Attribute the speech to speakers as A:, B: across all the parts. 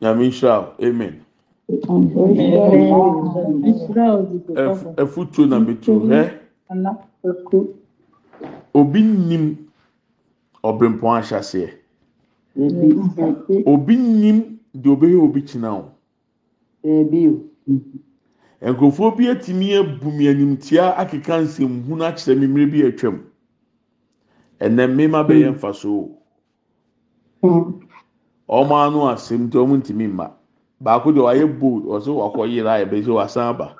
A: neha amen obi nn ɔbrɛmpɔn ahyɛseɛ obi nnim de obɛhɛ obi kyena wo nkurɔfoɔ bi atumi yɛ bumi animtia akeka nsɛmhu no akyerɛ me mmerɛ bi a atwa m ɛnɛ mmer ma bɛyɛ mfa sɛ o ɔmo ano asɛm ti ɔmo ntumi mma baako deɛ wayɛ bold ɔso wakɔ yira ayɛ bɛyɛ sɛ asan aba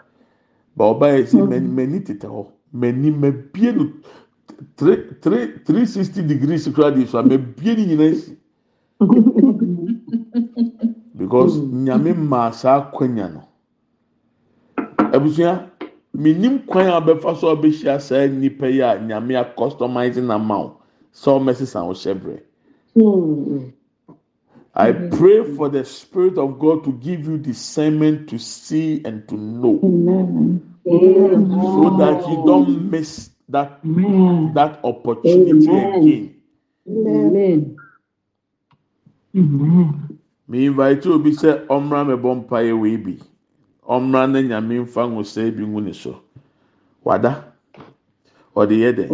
A: ba ɔba yɛ sɛ mɛni tete hɔ mɛni mɛbie no three three three sixty degrees kura de so a mɛbie no nyinaa si because nyame maa saa akonya no abusua minim kwan a bɛfa so a bɛhyia saa nipa yi a nyame a customize na ma o sɛ ɔmɛsesa ɔhyɛ brɛ. Hmm. I mm-hmm. pray for the Spirit of God to give you discernment to see and to know. Amen. So that you don't miss that, that opportunity Amen. again. Amen. Me invite you be say omra me bompaye we bi. Omra ne nyame mfa nwose bi so. Wada. Ode ye de.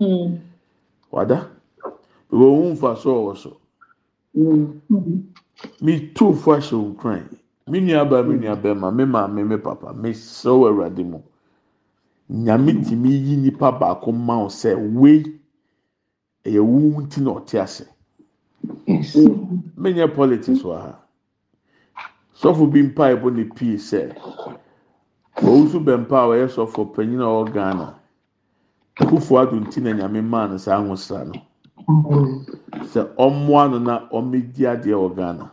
A: Mm. Wada. Wo mfa so wo so. me tu fo ahyɛ wo kran me nuaba me nuabɛma me maame me papa me sɛ wɔ awurade mu nyame tumi yi nipa baako ma wo sɛ wei ɛyɛ e, wo nti na ɔte ase menyɛ politics wɔ ha sɔfo bi mpa ɛbɔ e, ne pii sɛ wɔwusu bɛmpa a wɔyɛ sɔfo panyin a ɔwɔ ghana kufu ado nti na nyame maa no saa ahosra no. sɛ ɔmmoa no na ɔmmɛdi adeɛ wɔ ghana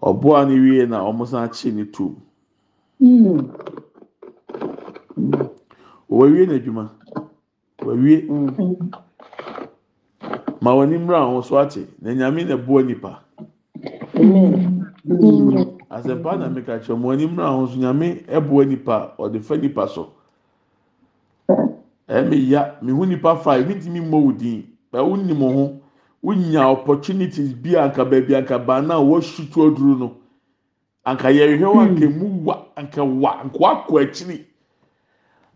A: ɔboa no wie na ɔmo san kye ne tom hmm. wɔawie n'adwuma wɔawie hmm. ma w'ani mmra ho so ate na nyame na boa nipa asɛmpa na meka kyerɛ ma w'ani mmra ho so nyame boa nipa ɔde fa nipa so ɛmɛya mihu nipa fa ebi ti mi mɔ odin ho opportunities bi anka anka baa no anka wa anka wa anka wa anka wakɔ akyiri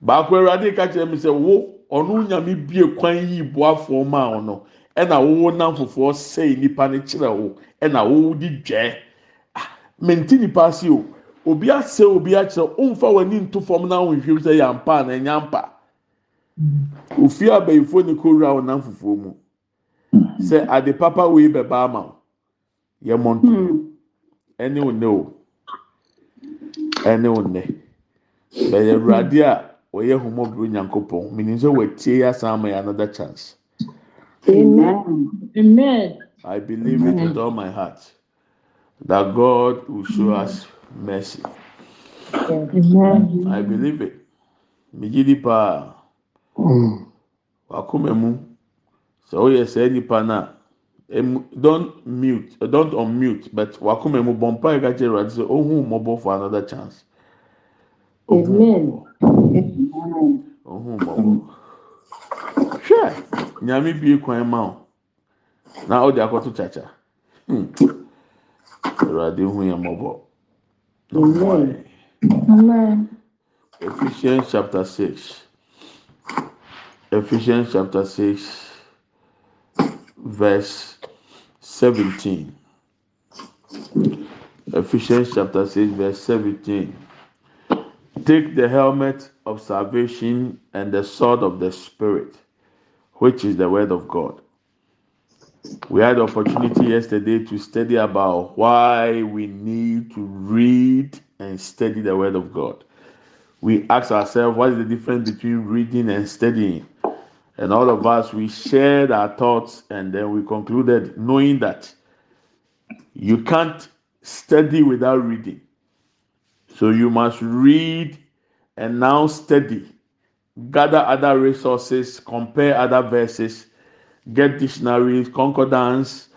A: baako awurade ka kyerɛ mi sɛ wo ɔno nyame bie kwan yi boafoɔ maa ɔno ɛna wowo nam fofoɔ sɛɛ nipa ne kyerɛ wo ɛna wowo di dwɛɛ ah mɛnti nipa si o obi asɛ obi akyerɛ o nfa w'ani nto fam na ahun sɛ yampa na ɛnyampa. ofi abɛnfo ne kowura a ɔnam fufuo mu sɛ mm-hmm. ade papa wei bɛba ama o yɛ mɔntu mm-hmm. ɛne one o ɛne one bɛyɛ awurade a ɔyɛ homɔburo nyankopɔn menim sɛ wɔatie yɛ asan ama yɛ another chance amen amen i believe it with all my heart that god will show mm-hmm. us mercy amen i believe it Mijidi pa. paa. Mm. wakoma mu sɛ woyɛ saa nipa no emu don mute don unmute but wakoma mu bɔ mpa ɛka kyerɛ ɛwurade sɛ ohun mɔbɔ for another chance ohun mɔbɔ ohun mɔbɔ hwɛ nyame bie kwan ma o na ɔde akɔto kyakya hmm ɛwurade hu yɛ mɔbɔ Ephesians chapter six. Ephesians chapter 6, verse 17. Ephesians chapter 6, verse 17. Take the helmet of salvation and the sword of the Spirit, which is the Word of God. We had the opportunity yesterday to study about why we need to read and study the Word of God. We asked ourselves, what is the difference between reading and studying? And all of us, we shared our thoughts and then we concluded knowing that you can't study without reading. So you must read and now study. Gather other resources, compare other verses, get dictionaries, concordance,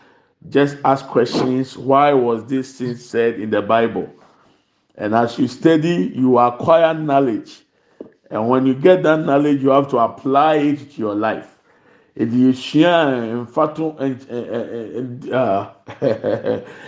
A: just ask questions. Why was this thing said in the Bible? And as you study, you acquire knowledge dgapplytyli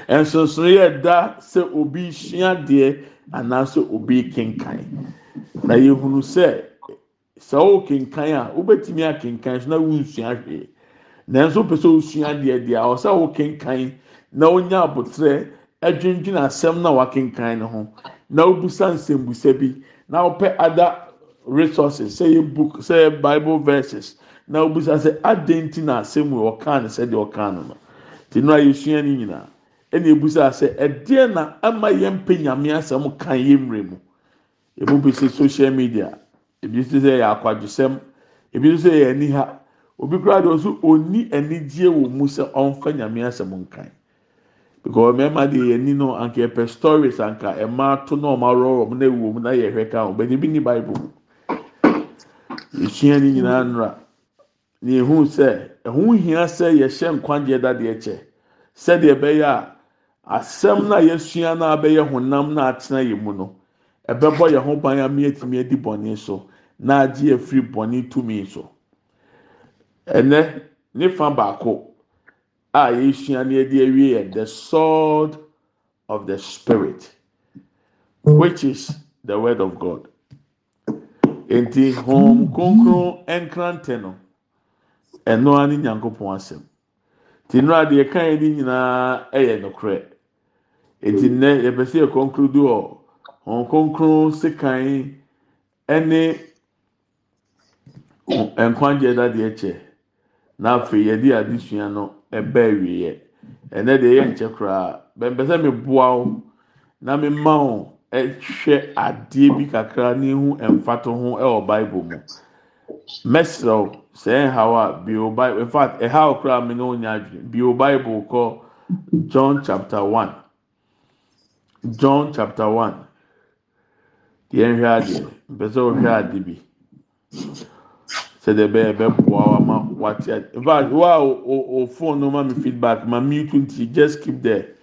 A: eafnsonsonoyɛda ah, sɛ obi suadeɛ anaaɛbkenkasɛ woo kenkan awotumi akenkasaɛsɛsuadeeɛɔsɛwokenkan na onya abotrɛ dwendwene asɛmnowkenkan hona wobisa nsɛmbusa bi na wopɛ ada resources sɛ yɛ book sɛ yɛ bible verses na obisa sɛ adan ti na asɛm wɔ ɔkaa no sɛdeɛ ɔkaa no no te no a yɛsua no nyinaa ɛna ebisa sɛ ɛdeɛ na ama yɛn mpɛ nyame asɛm kan yɛn mmerɛ mu ebi bi sɛ social media ebi nso sɛ yɛ akwadwesɛm ebi nso sɛ yɛ ha obi koraa deɛ ɔso oni anigyeɛ wɔ mu sɛ ɔnfa nyame asɛm nkan because mmarima de yɛn ni no anka yɛpɛ stories anka mmaa to na ɔmo arɔ wɔn na ewu wɔn na yɛhwɛ ka wɔn bɛn ebi ni bible yɛsua ne nyinaa nnora na ehu sɛ ɛho hia sɛ yɛhyɛ nkwagyeɛ dadeɛ kyɛ sɛdeɛ ɛbɛyɛ a asɛm na yɛsua na abɛyɛ honam na atena yɛ mu no ɛbɛbɔ yɛn ho ban a miatumi adi bɔne so na agye afiri bɔne tumi so ɛnɛ ne baako a yɛsua na yɛde awie yɛ the sword of the spirit which is the word of God. nti hom kronkron nkrantɛ no ɛno ara ne nyankopɔn asɛm ti nnora deɛ kan yi ne nyinaa yɛ nokorɛ eti nnɛ yɛpɛ sɛ yɛ kronkron do wɔ hom kronkron sekan ne nkwagye dadeɛ kyɛ na afei yɛde adesua no ɛbɛɛ wieɛ ɛnɛ deɛ yɛ nkyɛ koraa bɛnpɛ sɛ meboa wo na mema wo hwɛ adeɛ bi kakra na ehu mfato ho wɔ bible mu mɛsirɛw sɛ ɛhaw a bio bible in fact ɛhaw koraa mi ne onya adwene bio bible kɔ john chapter one john chapter one deɛ nhwɛ adeɛ mpɛ sɛ adeɛ bi sɛdeɛ bɛyɛ bɛboa wa ma wate adeɛ in fact wa o o phone no ma mi feedback ma mute nti just keep there.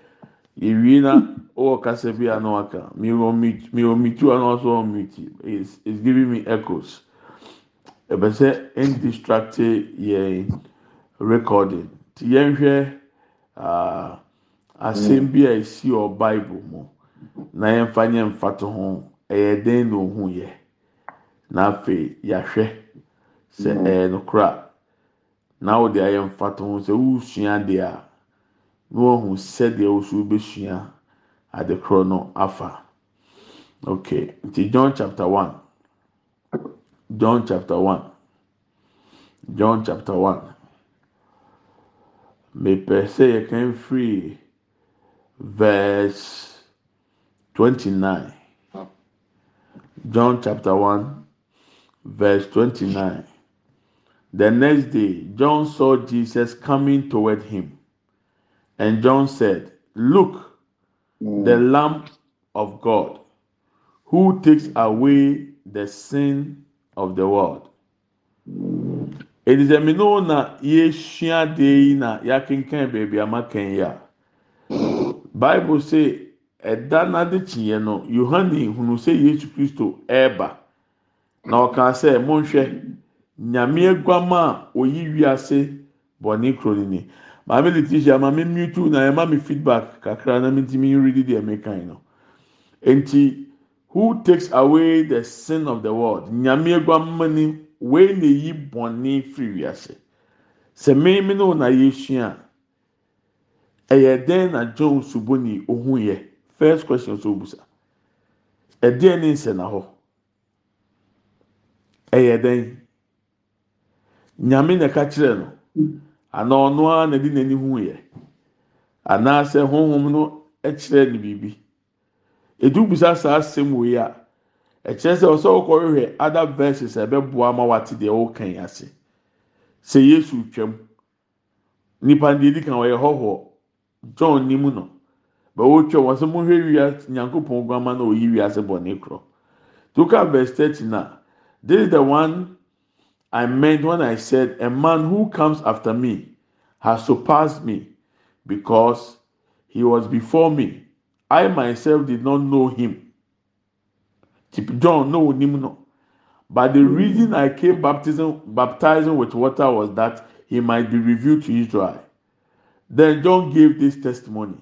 A: yɛwie na wɔ kasa bi a aka waka mewɔ mitu a na ɔso wɔ miti is is giving me echoes ɛbɛ sɛ indistract yɛn recording ti yɛn hwɛ aa ah, asɛm mm. bi a esi wɔ bible mu na yɛn fa yɛn fa to ho ɛyɛ den na ohun yɛ na afei yɛahwɛ sɛ ɛyɛ mm. no kora na wɔde ayɛ mfa to ho sɛ wusua deɛ a. nwɔhu sɛdeɛ wɔsowo bɛsua ade korɔ no afa nti john chap 1 john chapt 1 john chap 1 mepɛ sɛ yɛkam frii vs29 john cha129 the next day john saw jesus coming toward him And John said, Look, hmm. the Lamb of God who takes away the sin of the world. Edizemino hmm. na yesua dei na yakenkan beebi ama kan ya. Bible say ɛda n'ade kyiɛ no Yohane hunu sɛ Yesu Kristo ɛɛba na ɔka sɛ monhwɛ nyame aguama a oyi wiase bɔ ne kuro ne ni. maame letitia maame mmiutu na ɛma mi feedback kakra na mi ti mi redi deɛ mi kan no nti who takes away the sin of the world nyame eguamani wei na eyi bɔnne firi wiase sɛ mmemme no na ya, ɛyɛ dɛn na john suboni ohun yɛ first question so obusa ɛdeɛ ne nsɛ na hɔ ɛyɛ dɛn nyame na ɛka kyerɛ no. anaa ɔno ara na ɛde n'ani hu yɛ anaasɛ honhom no kyerɛ no biribi edu bisa saa asɛm wei a ɛkyerɛ sɛ ɔsɛ ɔkɔhwehwɛ other verses ebe ɛbɛboa ma wate deɛ ɔrekan ase sɛ yesu twam nnipa ndị edi kan ɔyɛ hɔhoɔ jọn nim nọ bɛ ɔretwa wɔn sɛ mohwɛ wia nyankopɔn guama na oyi wia sɛ bɔ ne korɔ to ka verse thirty na this is the one. I meant when I said, A man who comes after me has surpassed me because he was before me. I myself did not know him. John, no, no. But the reason I came baptism, baptizing with water was that he might be revealed to Israel. Then John gave this testimony.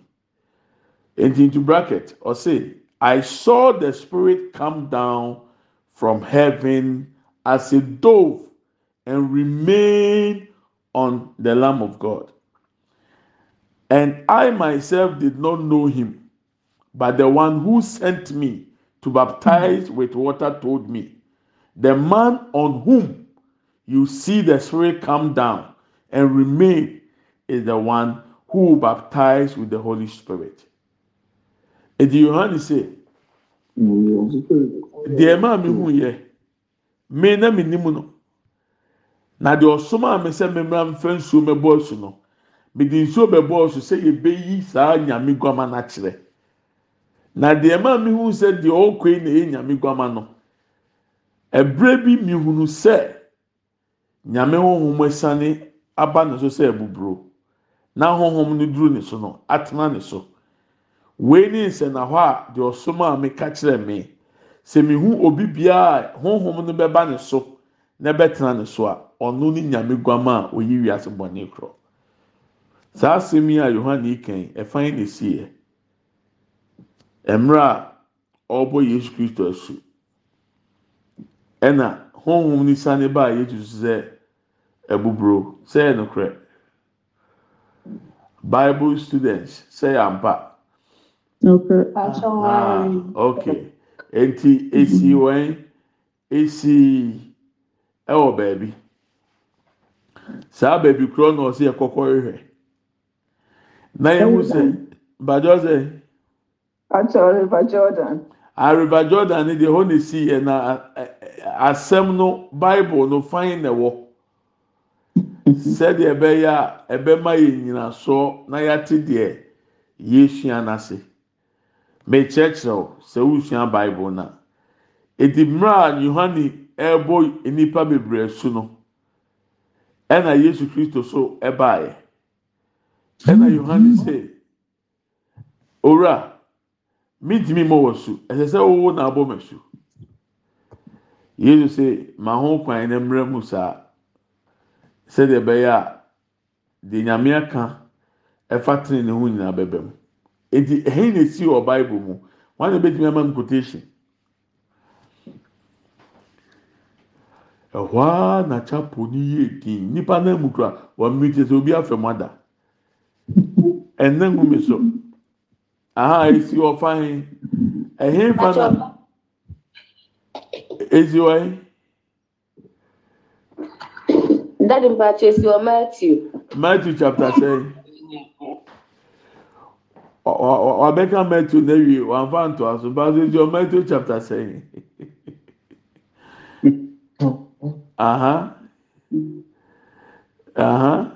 A: And into bracket, or say, I saw the Spirit come down from heaven as a dove, and remain on the Lamb of God. And I myself did not know him, but the one who sent me to baptize with water told me, The man on whom you see the Spirit come down and remain is the one who baptized with the Holy Spirit. And you said, Deɛ maa mi hu yɛ, mi na mi nimu na deɛ ɔsom a me sɛ mmemmra nsuo mɛbɔ asu no mede nsuo bɛbɔ asu sɛ yɛbɛyi saa nyame guama no akyerɛ na deɛ maa mi hu sɛ deɛ ɔkɔe na ɛyɛ nyame guama no ɛbrɛ bi mi hunu sɛ nyame honhom asane aba ne so sɛ ɛbuburo na honhom no duru ne so no atena ne so wei ne nsɛnna hɔ a deɛ ɔsom a meka kyerɛ me sɛ mihu obi biara honhom no bɛba ne so na ɛbɛtena ne so a. ɔno ne nyame guam a oyi wiase bɔne korɔ saa asɛm yi a yohane yi kɛn ɛfan na esie mmerɛ a ɔrebɔ yesu kristo asu ɛna honhom ne sane baa yesu sɛ ɛbuburo sɛ yɛ nokorɛ bible students sɛ yɛ ampa ah, okay okay nti esi wɔn esi ɛwɔ baabi. saa beebi korɔ na ɔsi yɛ kɔkɔ rehwɛ na yɛn ho sɛ bajɔ sɛ. akyɛ river jordan. a jordan ni deɛ hɔ na esi yɛ na asɛm no bible no fain na ɛwɔ sɛdeɛ ɛbɛyɛ a ɛbɛma yɛ nyinasoɔ na yɛate deɛ yɛsua n'ase mekyerɛkyerɛ sɛ wosua bible na edi mmerɛ a yohane ɛrebɔ nnipa bebree su no. ɛna yesu kristo so ɛbaeɛ ɛna yohane sɛ owura mintimi mɔ wɔ su ɛsɛ sɛ wowo na abɔ ma su yesu sɛ ma ho kwan na mmerɛ mu saa sɛdeɛ ɛbɛyɛ a deɛ nyame aka ɛfa tene ne ho nyinaa bɛbɛ mu eti ɛhɛn na esi wɔ bible mu wɔn na ebɛtumi ama mu quotation. ɛhɔ ara na chapel ni yie dii nipa nan mu kura wɔn mi ti sɛ obi afɛ mu ada ɛnna mu mi so aha esi hɔ fain ɛhɛn fa na esi hɔ yi. dadi mpachi esi hɔ matthew. matthew chapter seven wabɛka matthew n'ewie wafa ntoa so mpachi esi hɔ matthew chapter seven. Uh huh. Uh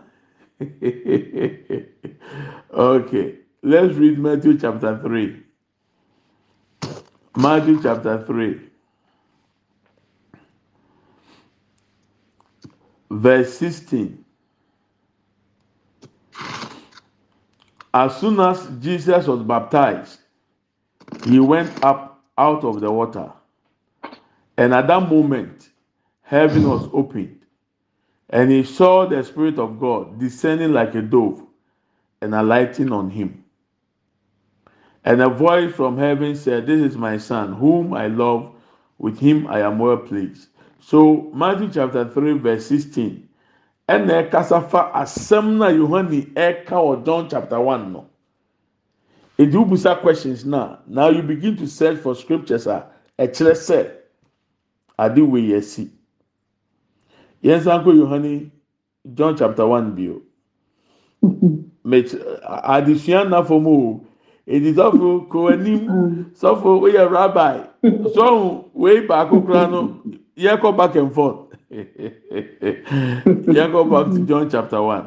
A: huh. okay. Let's read Matthew chapter 3. Matthew chapter 3. Verse 16. As soon as Jesus was baptized, he went up out of the water. And at that moment, heaven was opened, and he saw the Spirit of God descending like a dove and alighting on him. And a voice from heaven said, This is my Son, whom I love, with him I am well pleased. So, Matthew chapter 3, verse 16. And ɛkasa fa asɛm na yohane ɛka wɔ john chapter one no edi ubusa questions na now you begin to search for scriptures a ɛkyerɛ sɛ ade wei yɛ si yẹn san kó yohane john chapter one bi o mẹt mm-hmm. uh, adesua nafọ mu o èdè sọfọ kò anim mm. sọfọ oyè rabbi mm-hmm. sọhùn wéé baako kura no yẹ kọ back and forth yẹ kọ back to john chapter one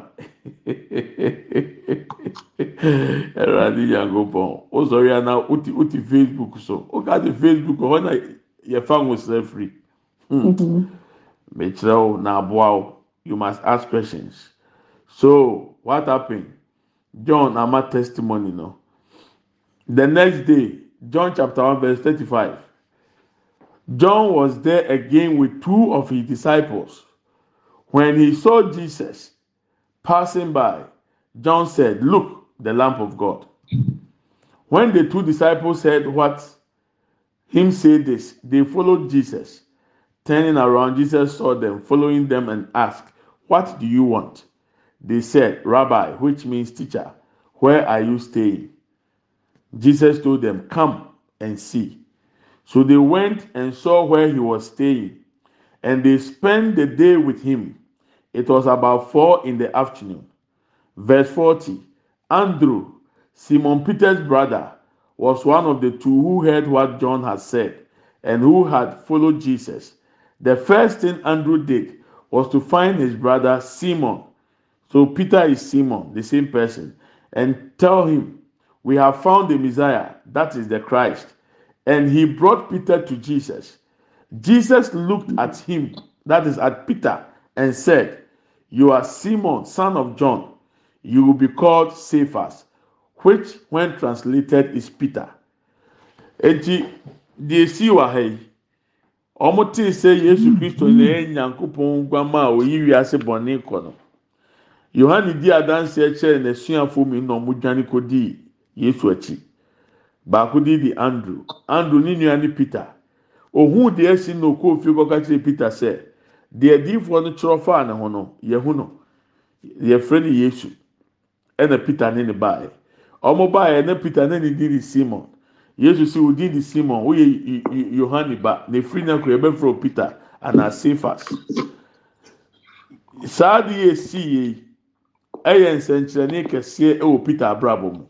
A: ẹrọ adi yango pọn o sọrọ yàrá o ti o ti facebook so o ká ti facebook ọ wọn na yẹ fa wọn sẹ free. Hmm. Mm-hmm. Mitchell now, na you must ask questions so what happened john I'm a testimony no the next day john chapter one verse thirty-five john was there again with two of his disciples when he saw jesus passing by john said look the lamp of god when the two disciples said what him said this they followed jesus. Turning around, Jesus saw them, following them, and asked, What do you want? They said, Rabbi, which means teacher, where are you staying? Jesus told them, Come and see. So they went and saw where he was staying, and they spent the day with him. It was about four in the afternoon. Verse 40 Andrew, Simon Peter's brother, was one of the two who heard what John had said and who had followed Jesus. The first thing Andrew did was to find his brother Simon. So Peter is Simon, the same person, and tell him, We have found the Messiah, that is the Christ. And he brought Peter to Jesus. Jesus looked at him, that is at Peter, and said, You are Simon, son of John. You will be called Cephas, which, when translated, is Peter. Eti, the Esi wɔte sɛ yesu kristo na yɛ nyankopɔn guama a oyi wiase bɔne kɔ no yohane di adanseɛ na n'asuafoɔ mu na wɔn dwane kɔdii yesu akyi baako di di andrew andrew ne nua ne peter ohun deɛ si na okoo fie kɔka kyerɛ peter sɛ deɛ diifoɔ no kyerɛ faa na ho no yɛho no yɛfrɛ no yesu ɛna peter ne ne baeɛ wɔn baeɛ na peter ne ne di di simon yesu si odi di simon woyɛ yohane ba na efiri na kura ɛbɛfrɛ peter anaa cephas saa de yɛ esi yie ɛyɛ nsɛnkyerɛnne kɛseɛ ɛwɔ peter abrabɔ mu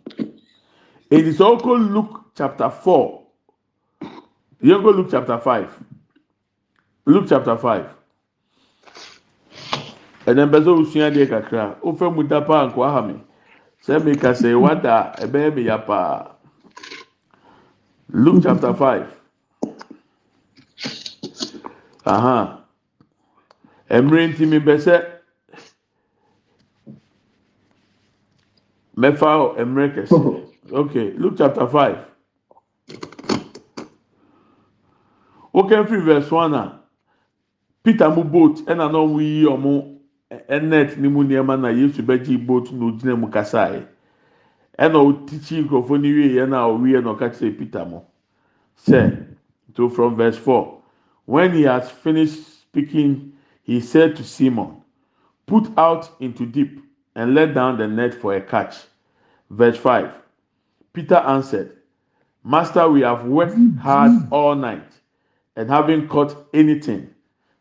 A: sɛ ɔkɔ luke chapter four yɛn kɔ luke chapter five luke chapter five ɛnna mpɛ sɛ osua deɛ kakra ofe mu da paa nkɔ aha mi sɛ mi kasa ɛwa da ɛbɛyɛ mi ya paa. Luke chapter five. Aha. Mmerɛ nti mi bese sɛ mɛfa hɔ mmerɛ Okay, Luke chapter five. Wokan firi verse one a Peter mu boat ɛna na wɔn yi wɔn ɛnet ne mu nneɛma na Yesu bɛgye boat na ogyina mu kasaeɛ ɛna otikyi nkurɔfoɔ no wie yɛ na owie na ɔka kyerɛ peter mo sɛ to from verse four when he has finished speaking he said to simon put out into deep and let down the net for a catch verse five peter answered master we have worked hard all night and haven't caught anything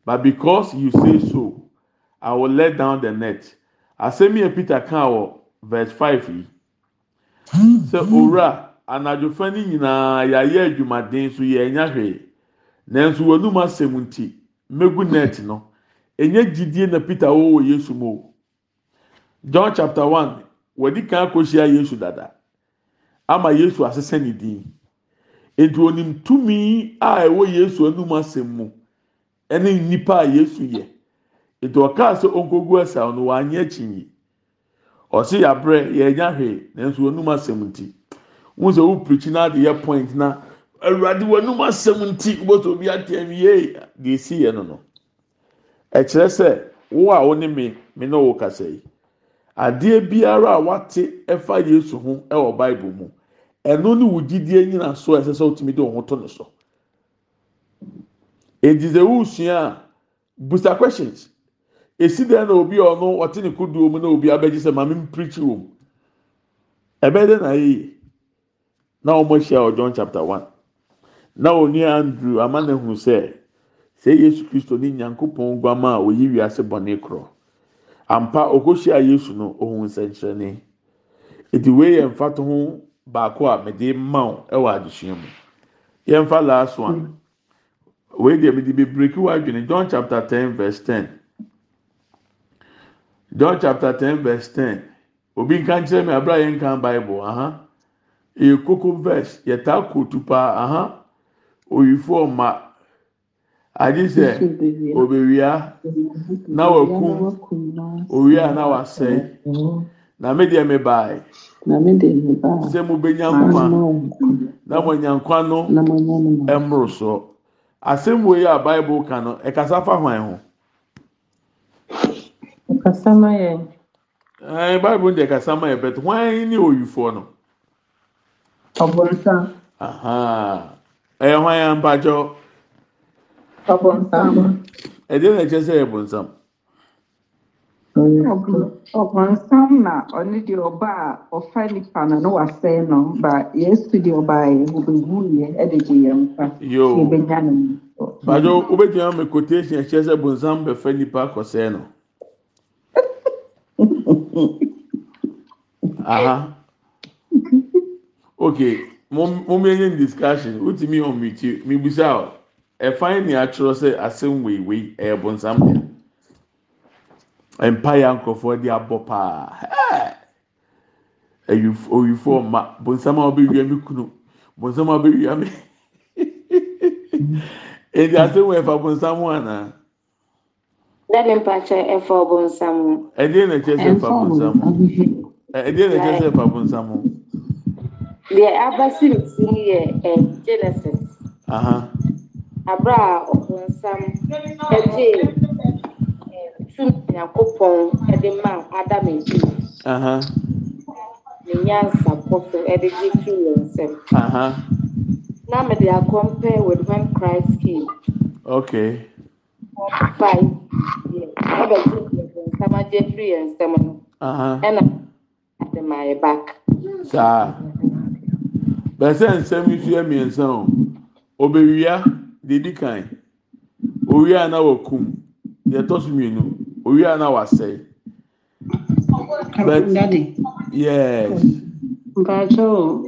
A: but because you say so i will let down the net asemi and peter kan wɔ verse five yi. sɛ owura anadwofa no nyinaa yɛayɛ adwumaden so yɛanya hwee nanso w'anum asɛm nti mɛgu net no ɛnyɛ gyidie na peter wɔwɔ yesu mu o john chapter one wɔde kan akɔhyia yesu dada ama yesu asesa ne din nti onim tumi a ɛwɔ yesu anum asɛm mu ɛne nnipa a yesu yɛ nti ɔkaa sɛ ɔnkɔgu asaw no wɔanyɛ akyi yi. ɔsi yabrɛ yɛnya hwee nanso wɔn num asɛm nti wɔn sɛ wɔn pirikyi na adi yɛ point na awurade wɔn num asɛm nti wɔsɛ obi ate ɛmu yie de esi yɛ no no ɛkyerɛ sɛ wo a wɔne me me na wɔ kasa yi adeɛ biara a wate ɛfa yesu ho ɛwɔ baibu mu ɛno ne wo gyidie nyina so ɛsɛ sɛ wotumi de wɔn ho to ne so edi sɛ wosua busa questions. esi dan na obi ɔno ɔte ne kodoɔ mu na obi abɛgye sɛ maame mpirikyi wɔ mu de dɛn na yie na wɔn ahyia wɔ John chapter one na oni Andrew ama na ehu sɛ sɛ Yesu Kristo ne Nyankopɔn guama a oyi wiase bɔne korɔ ampa okohyia Yesu no ohun nsɛnkyerɛnne eti wei yɛ mfa to ho baako a mɛde ma wo ɛwɔ adesua mu yɛmfa last one wei deɛ mɛde bebree kiwa adwene John chapter ten verse ten. john chapter ten verse ten obi nka nkyerɛ mi abira yɛ nka bible aha ɛyɛ koko verse yɛtaa kootu paa aha oyifoɔ ma agye sɛ na wakum owia na wasɛn na me deɛ me baae sɛ mo na mo nya nkwa no ɛmoro soɔ asɛm wo yi a bible ka no ɛkasa fa hwan ho. kasama yɛ ɛn eh, baibu deɛ kasama yɛ bɛt hwan ne oyifoɔ no. ɔbɔnsam. ɛyɛ hwan yɛn mpatsɔ. ɔbɔnsam. ɛdeɛ na ɛkyɛ eh, sɛ ɛyɛ bɔnsam. ɔbɔnsam na ɔne deɛ ɔba a ɔfa nipa na no wasɛn no ba yesu deɛ ɔba yɛ obewu yɛ ɛde gye yɛn mpa yɛ benya ne mu. Bajo, wobɛtumi ama kotation ɛkyɛ sɛ bɔnsam bɛfa nipa akɔsɛn no. aha okay mo mo mmeri discussion mi wotumi mi mibisa ọ ɛfan ni atwerɛ sɛ asɛm weiwei ɛyɛ bɔnsam mpaeɛ nkurɔfoɔ de abɔ paa owifo ɔma bɔnsam a ɔbɛwia mi kunu bɔnsam a ɔbɛwia mi ɛdi asɛm wɔ ɛfa bɔnsam ho anaa. Dade mpacha efa obonsamu. Edie na chese efa obonsamu. Edie na chese efa obonsamu. Deɛ abasi mi si ni yɛ ɛ eh, eh, Genesis. Uh-huh. Abra ɔbonsam ɛgye eh, tum nyakopɔn ɛde ma Adam eji. Ne uh-huh. nyansa pɔfo ɛde gye tu wɔ nsam. Na mi de akɔmpɛ with when Christ came. Okay. ọbẹ tí nsẹm agye firi yẹn nsẹm no ẹna ade ma yẹ back. saa bẹsẹ nsẹm yi so yẹ mmiɛnsa o obewia didi kan owia na wakum deɛ ɛtɔ so mmienu owia na wasɛe. but yes. mpatsɛ o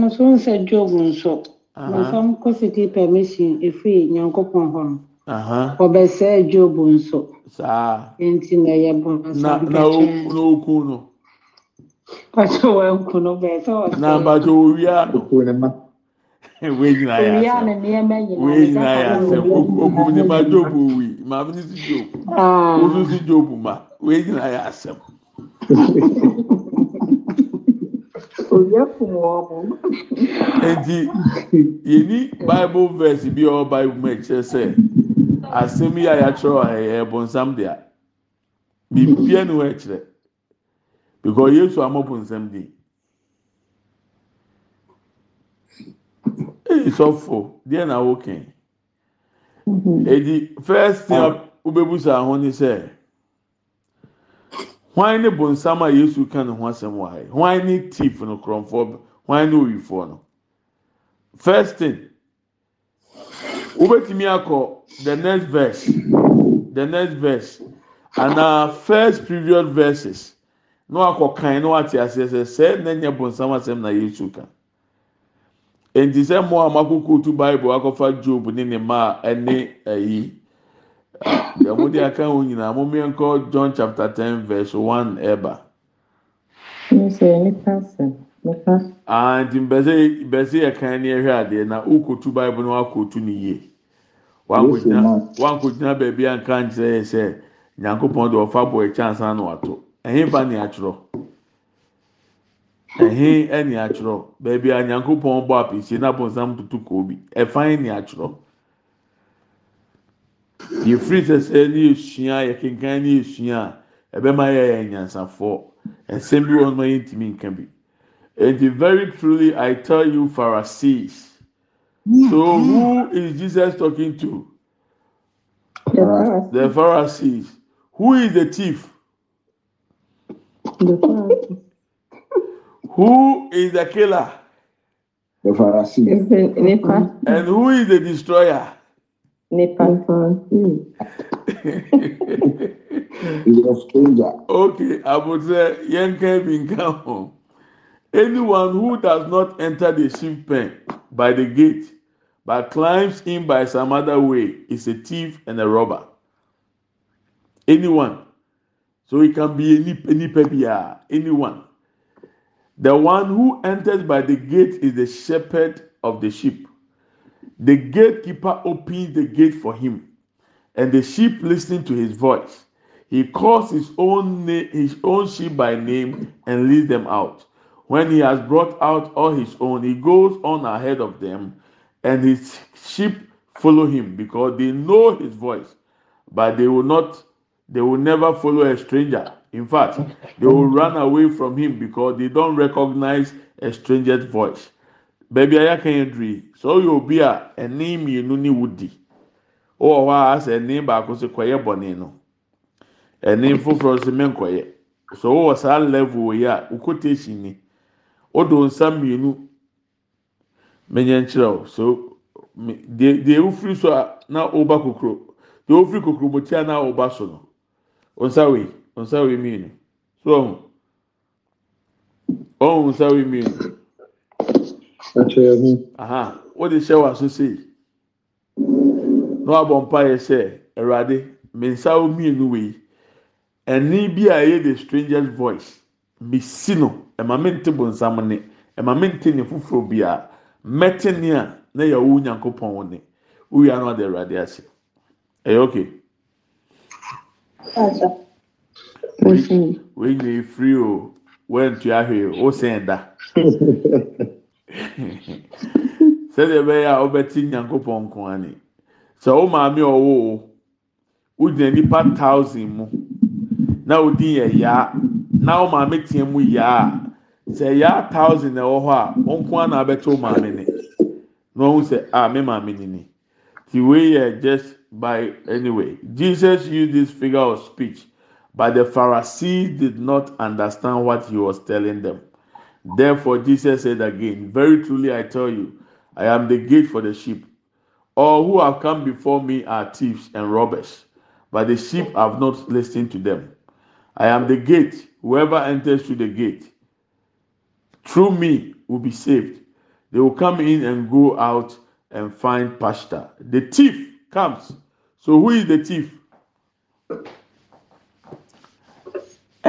A: no so nsɛ job nso nsɛm uh-huh. kɔsi ti permission efiri nyankopɔn hɔ uh-huh. no ɔbɛsɛɛ job nso. saana ɔku nona bao wɔwiea ɛ ninaɛ asm ɔkum ne ma dwob owii mafe ne si dwob ah. woso si dwob mua wei nyinayɛ asɛm nti yɛni bible verse biaɔɔ bible mu ɛkyerɛ sɛ asɛm yi a yɛatwerɛ eh, ɛyɛ eh, bonsam dea biribia ne wɔakyerɛ because yesu amɔ bonsam di eyi sɔfo deɛ na woke hmm. edi eh, first thing wobɛbusa ah. ho ne sɛ hwan ne bonsam a yesu ka ne ho asɛm wɔ ha yi hwan ne thief no korɔmfoɔ hwan ne owifoɔ no first thing wobɛtumi akɔ the next verse the next verse anaa first previous verses na wakɔ kan na wate aseɛ sɛ sɛ na nyɛ bonsam asɛm na yesu ka nti sɛ mo a makoko tu bible akɔfa job ne ne mma ɛne ɛyi deɛ mo de aka ho nyinaa mo mmea nkɔ john chapter ten verse one ɛba. n sɛ nipa nti mbese mbese yɛ kan ne ɛhwɛ adeɛ na okotu baibu na wakotu ne yie wankogyina wankogyina beebi a nka nkyerɛ yɛ sɛ nyankopɔn de ɔfa bɔ ɛkyɛ ansa na wato ɛhin ba ne atwerɛ ɛhin ɛne atwerɛ beebi a nyankopɔn bɔ apinsie na bɔnsam tutu kɔɔ bi ɛfan ne atwerɛ yɛfiri sɛsɛ ne esua yɛkenkan ne esua ɛbɛma yɛ yɛ nyansafoɔ ɛsɛm bi wɔn no yɛ ntumi nka bi. And very truly I tell you Pharisees. So who is Jesus talking to? The Pharisees. The Pharisees. Who is the thief? The Pharisees. Who is the killer? The Pharisees. And who is the destroyer? Nepal. Okay, I would say, Yankai come home. Anyone who does not enter the sheep pen by the gate, but climbs in by some other way, is a thief and a robber. Anyone. So it can be any any pepia, anyone. The one who enters by the gate is the shepherd of the sheep. The gatekeeper opens the gate for him, and the sheep listen to his voice. He calls his own his own sheep by name and leads them out. When he has brought out all his own, he goes on ahead of them, and his sheep follow him because they know his voice, but they will not, they will never follow a stranger. In fact, they will run away from him because they don't recognize a stranger's voice. Baby, I can't So you'll be a name you know woody. Oh, wow, I said name back was a quiet bonino. A name for frozen men So what's oh, our level? Yeah, quotation. wodo nsa mmienu menyɛ nkyerɛ wo so deɛ deɛ ofiri so a na ɔba kokoro deɛ ofiri kokoro mo tia na ɔba so no nsa wee nsa mmienu so ɔho ɔho nsa wei mmienu aha wɔde hyɛ wɔ aso sei na wabɔ mpa yɛ sɛ ɛwurade me nsa wee mmienu wei ɛni bi a ɛyɛ the strangest voice mi si no. ɛma me nte bonsam ne ɛma me nte ne foforɔ bia a mɛte ne a na yɛ wo nyankopɔn wo ne wowia no ɔde awurade ahyɛ ɛyɛ okay wei nyɛ efiri o wɛntu ahwee o sɛn da sɛdeɛ bɛyɛ a ɔbɛte nyankopɔn nko ani sɛ wo maame ɔwɔ o wogyina nipa thousand mu na odi yɛ yaa na wo maame teɛ mu yaa. sɛ ɛyɛ a thousand na ɛwɔ hɔ a ɔnko ara na abɛto maame ne na ɔmo sɛ a ah, me maame ne ni ti wei yɛ just by anyway Jesus used this figure of speech but the Pharisees did not understand what he was telling them therefore Jesus said again very truly I tell you I am the gate for the sheep all who have come before me are thieves and robbers but the sheep have not listened to them I am the gate whoever enters through the gate through me will be saved. They will come in and go out and find pasture. The thief comes. So who is the thief? no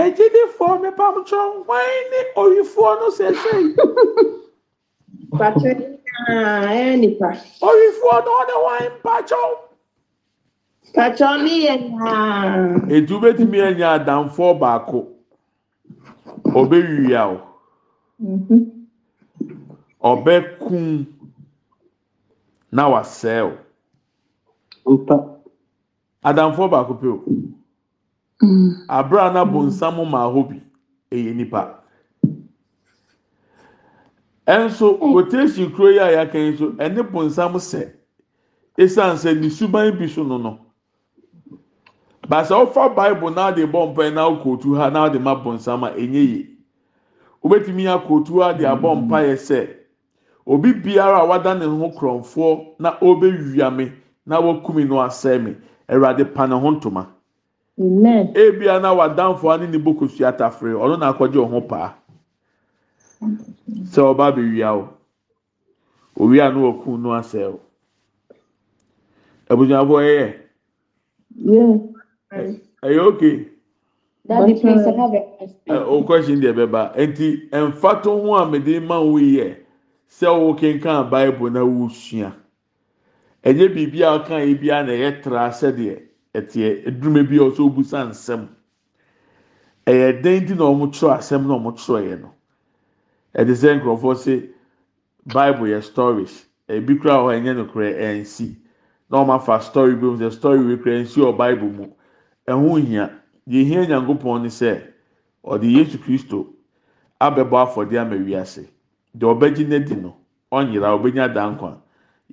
A: mi tí mi dànfọ́ baako, o. ọbẹ Obekun na wasɛw. Mpa. Adamfoɔ baako pe o. Mm. Abra na bonsam maa hɔ bi ɛyɛ nipa. Ɛnso kotesi kuro yi a yɛaka yi nso ɛne bonsam sɛ esan sɛ ne suban bi so no no. Baasa ɔfa Bible na de bọ mpae na ɔkɔ otu ha na ɔde ma bonsam a ɛnyɛ yie. wobɛtumi akootuo a de abɔ mm-hmm. mpaeɛ sɛ obi biara a wada ne ho korɔmfoɔ na ɔrebɛwia me na wakumi no asɛe me awurade pa ne ho ntoma ebia na wadamfo ne ne bokosua atafere ɔno na akɔgye ɔho paa sɛ ɔba abɛwia o owia no wɔkum no asɛe o abusuafoɔ ɛyɛ ɛyɛ oke. o question deɛ bɛba nti mfa to ho a mede ma wo bible na wo sua ɛnyɛ biribi a ɔka yi a na ɛyɛ tra sɛdeɛ ɛteɛ edurume bi a ɔsɛ obusa nsɛm ɛyɛ den na asɛm na yɛ no ɛde sɛ nkurɔfoɔ sɛ bible yɛ stories ebi kura hɔ ɛnyɛ no kura ɛnsi na afa story bi mu sɛ story bi kura ɛnsi wɔ bible mu ɛho hia. yɛhia nyankopɔn ne sɛ ɔde yesu kristo abɛbɔ afɔde ama wiase deɛ ɔbɛgye n'adi no ɔnyera ɔbɛnya dankwa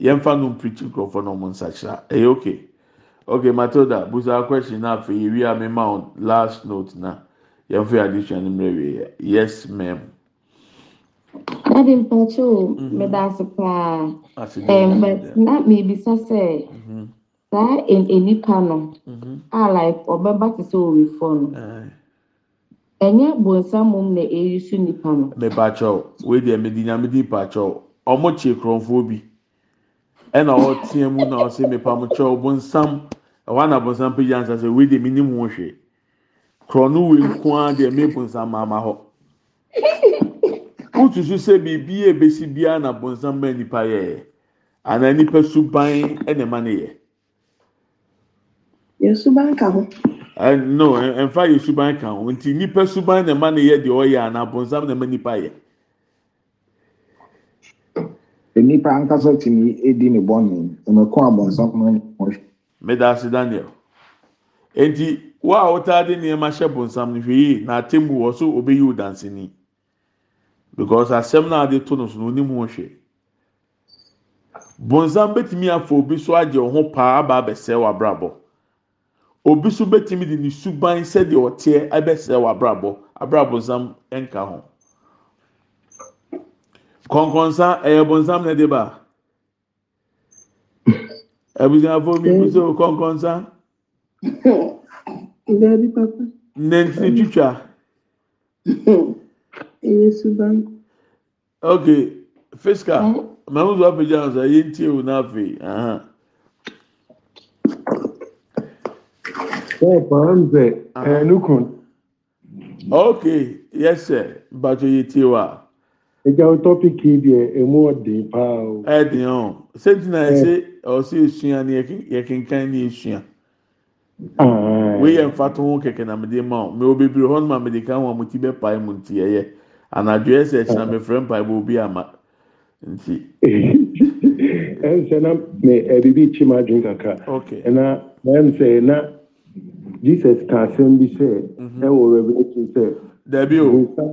A: yɛmfa no mpirikyi nkurɔfoɔ no ɔmo eyoke ok matilda busa question na afei yɛ wia on last note na yɛmfa yɛ adi tia no mmerɛ yes ma'am. ɛdi mpɛtɛ o mɛ mhm. baasi paa ɛɛ mbɛ eh, na mɛ ebisa saa nnipa no mhm. a like ɔbɛba te sɛ ɔrefoɔ no eh. ɛnyɛ bonsam mu na ɛyi so nnipa no. mepatwɛw wei deɛ mede nyame di mpatwɛw ɔmo kye kurɔnfoɔ bi ɛna ɔteɛ mu na ɔse mepamkyɛw bonsam ɛhɔ ana bonsam pɛ gya nsa sɛ wei deɛ ni ho hwee kurɔno wei nko ara deɛ me bonsam maama hɔ wotutu sɛ biribi a ebesi biara na bonsam bɛ nipa yɛ ana nipa suban ɛna ɛma no yɛ. yɛn suban ka ho. no eh, nfa yɛ suban ka ho nti nipa suban na ɛma ne yɛ deɛ ɔyɛ na abonsam na ɛma nipa yɛ. nipa ankasa tumi edi ne bɔnne ɛmɛko abonsam na ɔhwɛ. medase daniel nti wo a wotaade nneɛma hyɛ bonsam no hwee na atembu wɔ so obeyi wo danseni because asɛm na ade to no so na onim ho hwee bonsam betumi afɔ obi so agye ho paa aba abɛsɛ wɔ abrabɔ. obi so bɛtumi de nesuban sɛdeɛ ɔteɛ bɛsɛɛ wɔabrabɔ abrɛbonsam nka ho kɔnkɔnsa yɛ bonsam no de b a abuafoɔmisɛ kɔnkɔnsa nnentine twitwa fiska mamsoɔ afegyaho soa yɛntiewo no afei Panze, Nukun. Okay, yes sir, bàtò yìí ti wà. Ẹja o tọ́pìkì ibi ẹ̀ ẹ̀ mú ọ̀dìn pa o. Ẹ dín ọ̀n, ṣé tí náà ṣe ọ̀sẹ̀ ìṣúná ni yẹ̀kínkan ní ìṣúná? Wíyẹ̀ nfa tó hún kẹ̀kẹ́ náà mi dé mọ́ ọ̀, mi ò bèbèrè họ́n mà mi dì kan mo ti bẹ́ pa ẹ̀ mo ti ẹ̀ yẹ. Ànàjọ ẹ̀sẹ̀ ẹ̀kyinà mi fẹ́ mpa ẹ̀bọ̀ obi àmà nti. Ẹ nsẹ̀ na ẹ̀bí bí ìkyí máa dùn kakra. Okay. Ẹ̀na ẹ̀ nsẹ̀ na jesus ka asɛm bi sɛ mhm. ɛwɔ revelation sɛ dabi o nsa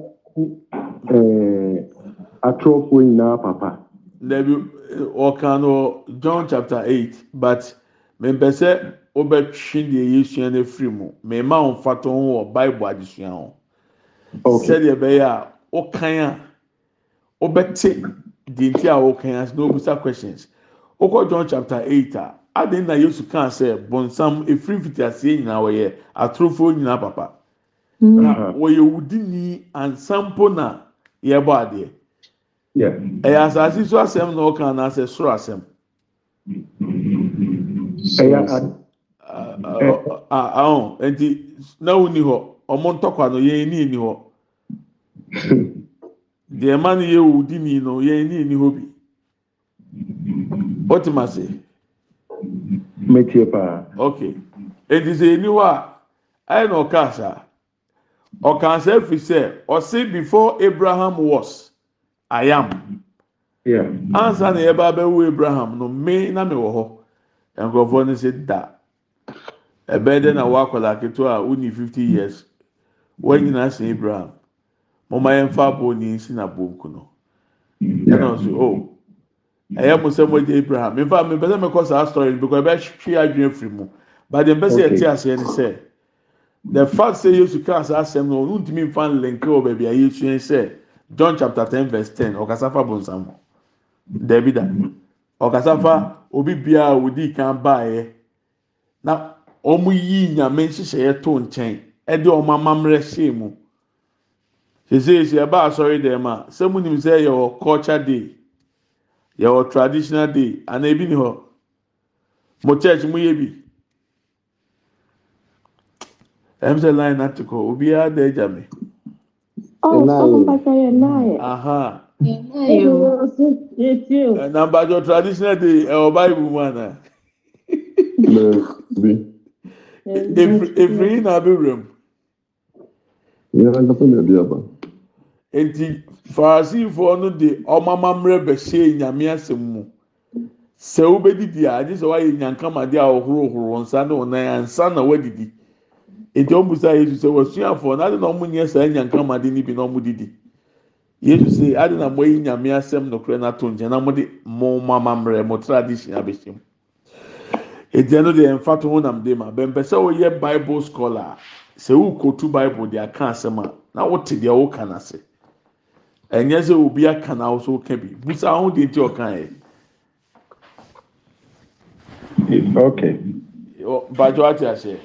A: eh, nyinaa papa. dabi ɔka no john chapter eight but mepɛ sɛ wobɛtwe deɛ yɛsua no afiri mu mema wo mfato ho wɔ bible adesua ho sɛdeɛ ɛbɛyɛ a wokan a wobɛte deɛ nti a wokan ase na obusa questions wokɔ john chapter eight a. adịn na yesu kaa sị bọnsam efiri mfitiaseɛ nyinaa wɔyɛ atorofoɔ nyinaa papa na mm. ụdị n'i ansampo na yɛbɔ adeɛ ɛyɛ asase so asɛm na ɔka na asị soro asem ahụ nti n'ahu ni hɔ ɔmo ntɔkwa ọmụ yɛn na ni hɔ deɛ ma no yɛ na ya ụdị ni na ya ni hɔ bi ɔtuma sị. mɛtie paa. ok edise eni hɔ a ɛyɛ e na ɔka asa ɔka asa efi sɛ ɔsi before abraham was i am. ansa na yɛba e abɛwo abraham no me na mi wɔ hɔ nkurɔfoɔ no sɛ da ɛbɛyɛ e dɛ na wakɔla ketewa a wuni fifty years wɔn nyinaa sɛ abraham mo ma yɛn fa abo ni si na bonku no ɛna ɔsɛ o. Oh, ɛyɛ musa mo gye abraham nfa mi mpɛsɛ mi kɔ saa story no because ɛbɛ hwi adwene firi mu but the mpɛsɛ yɛ ti aseɛ ni sɛ the fact say yesu kaa saa asɛm no ɔno ntumi nfa nlenke wɔ baabi a yesu yɛn sɛ john chapter ten verse ten ɔkasa fa bonsam dabi da ɔkasa fa obi bia a odi kan baayɛ na wɔn yi nyame nhyehyɛeɛ to nkyɛn ɛde wɔn amammerɛ hyɛn mu sese sese ɛba asɔre dɛm a sɛ mo nim sɛ ɛyɛ wɔ culture day. yɛwɔ traditional day anaa ɛbi ni hɔ mo church mo oh, yɛ bi msɛ lne no tekɔ obiaa da
B: gyamenambaw
A: traditional day wɔbibe mu anafiriyi naa bewerɛm nti farisifoɔ no de ɔmamammerɛ bɛhyɛ nyame asɛm mu sɛ wobɛdidi a agye sɛ woayɛ nyankamadeɛ a ɔhorohoro wɔn nsa ne wɔnan ansa na woadidi nti wɔn busa yesu sɛ wasuafoɔ no na wɔn nyɛ saa nyankamadeɛ no na didi yesu sɛ na nyame asɛm nokorɛ na mo mo tradition abɛhyɛ mu ɛdiɛ no deɛ to ho nam de ma bɛmpɛ sɛ bible scholar sɛ bible deɛ aka asɛm a na ɛnyɛ sɛ obi aka na ahosuo ka bi busa ahu di nti ɔka yɛ. okay. bàjọ́ àti àṣẹ.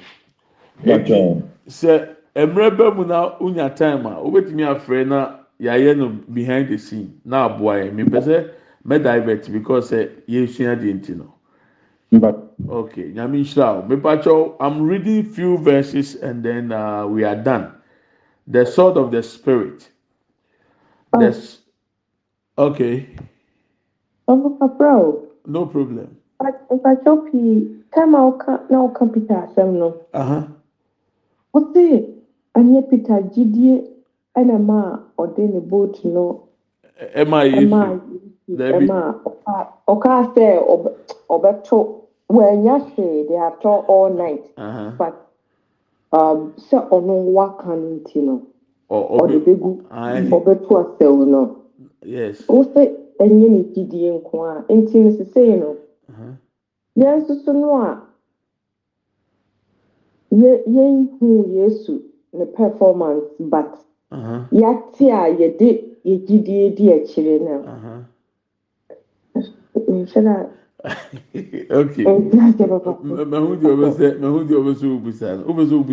A: bàjọ́. sɛ mmerɛ bɛ mu na onya time a obetumi afrɛ na yɛayɛ no behind the scene na aboa yɛ mepɛ sɛ mɛ divert because sɛ yɛsua di nti no. okay nyame nhyira o mepatwɛ i'm reading few verses and then uh, we are done the sword of the spirit. Oh. aprɛ o nkakɛ w pii kama woka na woka pita asɛm no wo see anyɛ pita gyedie ɛna ma a ɔde ne boat nommɔkar sɛ ɔbɛto waanya hee de atɔ all night but um, sɛ ɔnowaka no nti no ɔde bɛgu ɔbɛto a sɛwo nowo sɛ ɛnyɛ ne gyedie nko a nti m sesɛi no uh-huh. yɛnsuso no a yɛnhuu yesu ne performance but uh-huh. yɛate a yɛde yɛgyedie di akyere uh-huh. no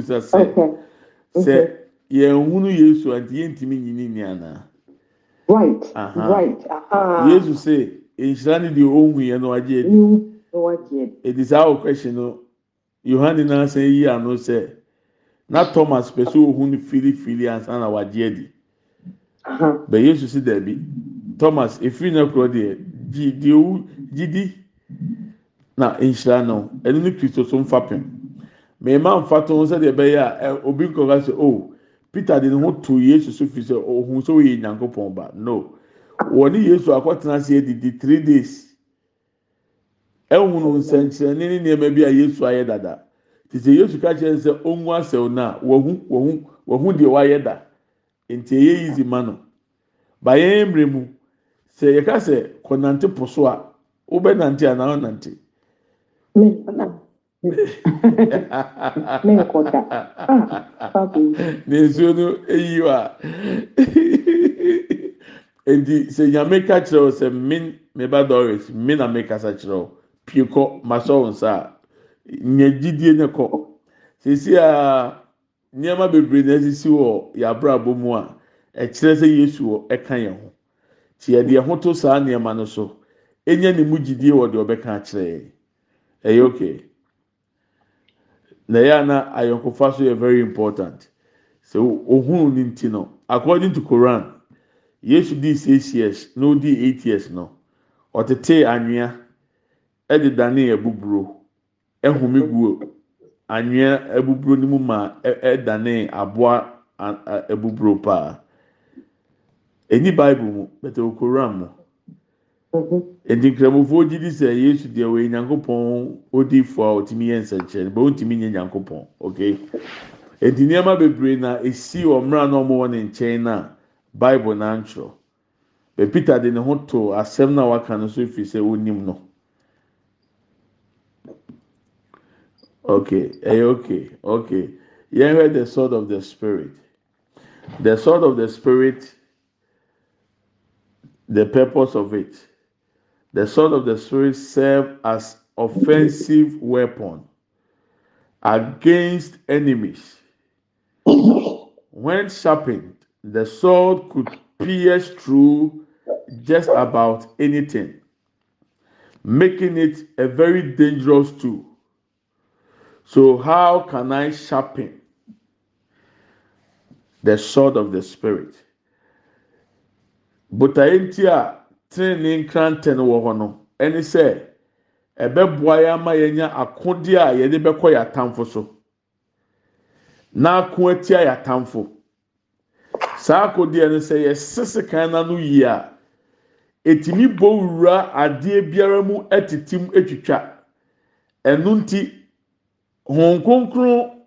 A: a yɛn hunu yesu anti yɛntumi nyini ni ana. right aha. right aha. yesu sɛ nhyira ni deɛ ohun yɛ no wagye edi. wagye edi. edi saa question no yohane nansan yi ano sɛ na thomas pɛ sɛ ohun filifili ansa na wagye edi. bɛ yesu si dɛbi thomas efiri na kuro deɛ gyi deɛ owu gyidi na nhyira no ɛne ne kristo so nfa pɛm mɛ mmaa nfa to ho sɛ deɛ ɛbɛyɛ a obi nkɔla sɛ o. Oh, peter de ne ho to yesu so fi sɛ ohun sɛ nyanko nyankopɔn ba no wɔne yesu akɔtena ase adidi three days ɛhunu nsɛnkyerɛnne ne nneɛma bi a yesu ayɛ dada te sɛ yesu ka kyerɛ sɛ ɔnwu asɛw no a wɔhu wɔhu wɔhu deɛ wayɛ da nti eye yizi ma no ba mmiri mu sɛ yɛka sɛ kɔnante po so a wobɛnante anaa ɔnante. menkɔda menkɔda. nensuo no ɛyi hɔ a nti sɛ nyame ka kyerɛ wo sɛ me meba doris me na mekasa kyerɛ wo pie kɔ masɔ wo nsa a nya gyidie ne kɔ seesi a nneɛma bebree na esisi wɔ yɛabrabɔ mu a ɛkyerɛ sɛ yesu wɔ ɛka e yɛn ho nti yɛde yɛn ho to saa nneɛma no so enya ne mu gyidie wɔ deɛ ɔbɛka akyerɛ e yɛn ɛyɛ okay. na ya na ayɔnkofa so yɛ very important so ohun ne ti no according to koran yesu di six years na odi eight years no ɔtete anwea ɛde dane abuburo ɛhome guo anwea abuburo ne mu ma ɛdane aboa abuburo paa ɛni bible mu bɛtɛ koran Quran mu. nti nkramofoɔ gye di sɛ yesu deɛ wɔyɛ nyankopɔn pon a ɔtumi yɛ nsɛnkyerɛnne bɛn ɔtumi nyɛ nyankopɔn okay nti nneɛma bebree na esi wɔn mmerɛ na wɔwɔ ne nkyɛn na bible na antwerɛ bɛ peter de ne ho to asɛm na waka no so efi sɛ onim no okay ɛyɛ okay okay yɛn hwɛ the sword of the spirit the sword of the spirit the purpose of it. The sword of the spirit serve as offensive weapon against enemies. When sharpened, the sword could pierce through just about anything, making it a very dangerous tool. So, how can I sharpen the sword of the spirit? But I tirinii nkrantɛn wɔ hɔ no ɛne sɛ ɛbɛboa yɛ ama yɛnya akodi a yɛde bɛkɔ yɛ atamfo so n'ako atia yɛ atamfo saa akodi akodeɛ no sɛ yɛsese kan n'ano yie a etimi bɔ wura adeɛ biara mu ɛtete mu etwitwa ɛno nti wɔn nkonkron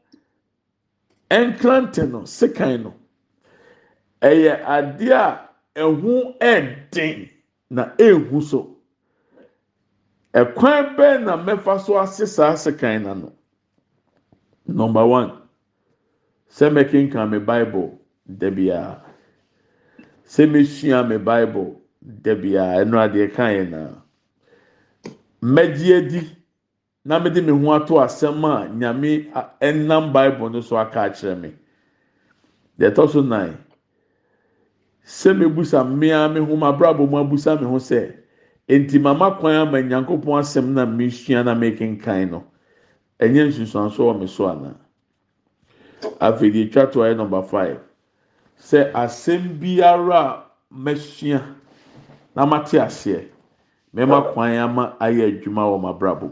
A: nkrantɛn no sekan no ɛyɛ adeɛ a ɛho ɛɛden. naɛhu so ɛkwan bɛɛ na mɛfa so ase saa se kan na no num o sɛ mɛkenka me bible da bia sɛ mɛsua me bible da bia ɛnɔradeɛ kaeɛ naa mɛgye adi na mede me ho ato asɛm a nyame ɛnam bible no so akaakyerɛ me deɛtɔ so nai sɛ mebusa meaa me ho mabrabɔ m abusa me ho sɛ enti ma ma kwan ama nyankopɔn asɛm na mesua namekenkan oɛa sɛ asɛm biara a m'asua na mate aseɛ mɛma kwan ama yɛ adwumaɔbbɔ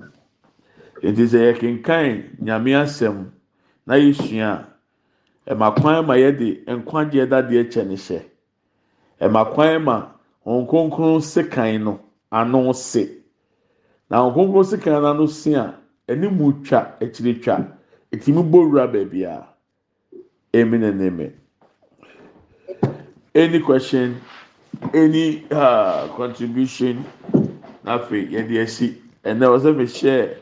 A: mɛyɛkenka ame sɛmaɛa maamaɛde kaadeɛyɛneyɛ ɛma kwan ma hɔn kronkron sekan no ano se na on kronkron sekan no ano se a ɛni mu twa akyiritwa ɛtum bɔ wura baabiaa m ne ne me an question an ah, contribution na afei yɛde asi ɛnɛ wɔ sɛmehyɛɛ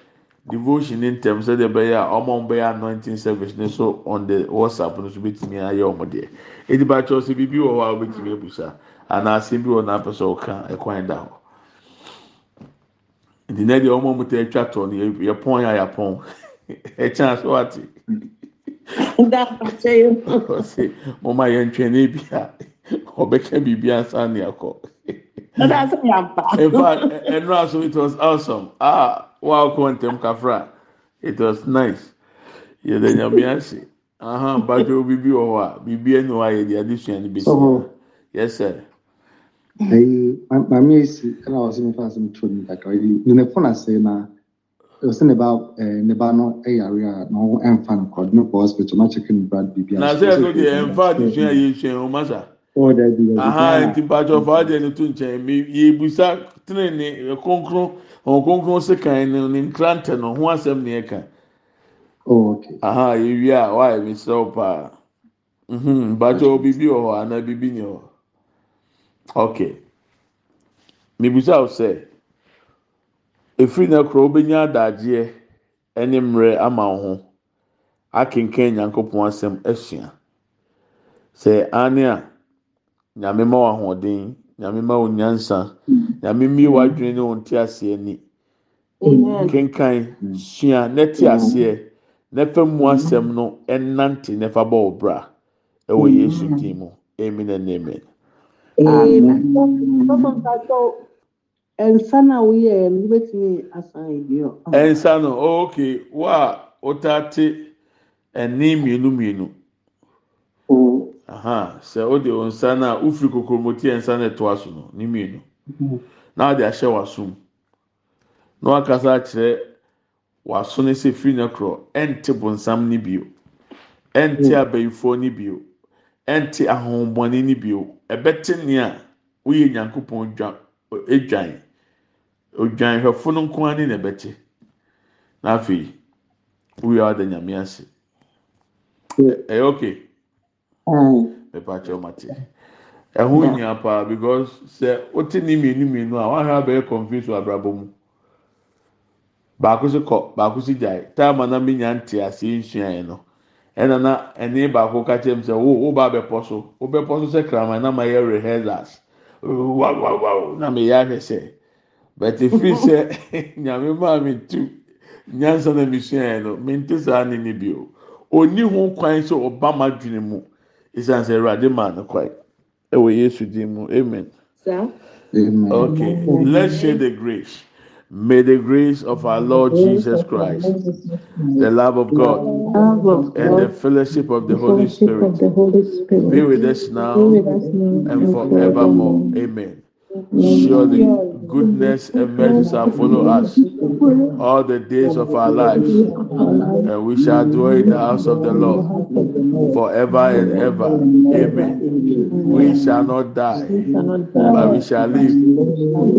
A: devotion in terms of the a ɔmo ɔmo bɛyɛ anointing service ne so on the whatsapp no so betumi ayɛ ɔmo deɛ ediba And I biribi wɔ hɔ a wobɛtumi ebusa anaa asɛm bi wɔ n'apɛ sɛ ɔka ɛkwan da hɔ nti nɛ deɛ ɔmo ɔmo tɛ atwa tɔ no yɛ pɔn yɛ ayɛ pɔn ɛkyɛn so ate ɔsi mo ma yɛ ntwɛn ne bi a ɔbɛka biribi ansa ne akɔ. ɛnfa ɛnura so it was awesome ah. wakɔ ntɛm kafra it was nice yɛda nyame ase aha badwo bibi wɔ hɔ a biribi ɛna wɔ ayɛ de adesua no besi yes sir. ayi maame esi ɛna ɔsi mi fa asem turo mi kakra yi ne ne fon ase na ɔsi ne ba ɛɛ ne ba no ɛyare a na ɔho ɛnfa no kɔ ne kɔ hospital ma check in blood bibi. na sɛ ɛkò deɛ ɛnfa adesua yɛ esua ɛhoma sa. ɔɔ dabi. aha nti badwo fa adi ɛni to nkyɛn mi yɛ ebusa. tene ne eh, kronkron wɔn eh, kronkron se kan ne ne nkrantɛ no ho asɛm ne ɛka oh, aha ewi a wayɛ bi srɛw paa mhm, bàtɛ bibi wɔ hɔ anaa bi ni hɔ ok mibisa wo sɛ efiri na koro obenya adagyeɛ ɛne mmerɛ ama wo ho akenkan nyankopɔn asɛm asua sɛ ane a nyame ma wo ahoɔden nyame ma nyansa. Mm -hmm. ame mmiew'adwene ne wo nte aseɛ ni kenkan sua nɛ te aseɛ nɛ fa mmu asɛm no ɛnante nɛ fa bɔɔ brɛ ɛwɔ yɛsu din mu mine ne menoɛnsa nok wo a wotaate ne mieueu mm. sɛ wode onsano a wofri kokro mu ɔti nsa no ɛtowaso no na ade ahyɛ w'asom na wakasa akyerɛ w'aso ne sɛ firi ne korɔ ɛnte bonsam ne bio ɛnte mm. abayifoɔ ne bio ɛnte ahohombɔne ne bio ɛbɛte nea woyɛ nyankopɔn dwa edwan odwanhwɛfo no nko ani na ɛbɛte na afei woyɛ ada nyame ase ɛyɛ eh, mm. ɛho nyia paa because sɛ wote ne mmienu mmienu a confuse wɔ abrabɔ mu baako si kọ baako si taama na mi nya nte ase nsuaeɛ no ɛna na ɛne baako ka kyerɛ mu sɛ wo wo ba so wobɛpɔ so kraman na ma yɛ rehearsals na mi yɛ ahwɛ sɛ but efiri sɛ nyame maa mi tu nyansa na mi no mi saa ma dwene mu maa ne ɛwɔ yesu din mu amen. Amen. Okay, let's share the grace. May the grace of our Lord Jesus Christ, the love of God, and the fellowship of the Holy Spirit be with us now and forevermore. Amen. Surely goodness and mercy shall follow us all the days of our lives, and we shall dwell in the house of the Lord forever and ever. Amen. We shall not die, but we shall live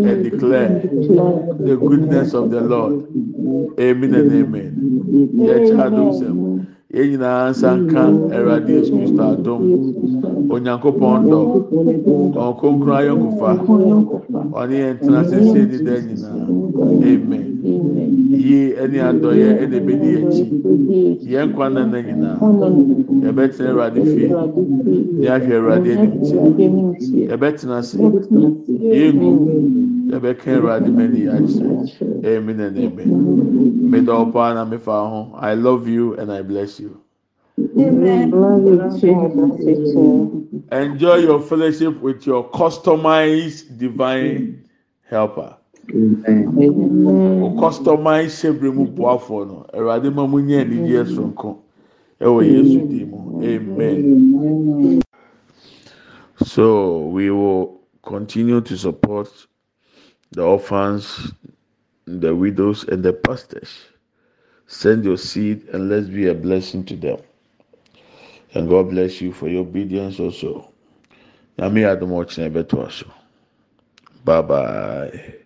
A: and declare the goodness of the Lord. Amen and amen. yɛn nyinaa nsa nka awurade yesu kristo adom onyankopɔn dɔ ɔn konkron ayɔnkofa ɔne yɛn tena sese ni dan nyinaa amen yie ɛne adɔyɛ ɛna ebedi akyi yɛn kwan na na nyinaa yɛbɛtena awurade fie yɛahwɛ awurade anim kyɛ yɛbɛtena se yɛngu. yɛbɛka awurade m'ani akyerɛ ɛmi na n'ɛmɛ meda wo paa na mefa ho i love you and i bless you Amen. Enjoy your fellowship with your customized divine helper. O customized sebre mu boafo no. Awurade ma mu nye anigye sonko. Ɛwɔ Yesu di mu. Amen. So we will continue to support the orphans, the widows, and the pastors. Send your seed and let's be a blessing to them. And God bless you for your obedience also. Bye bye.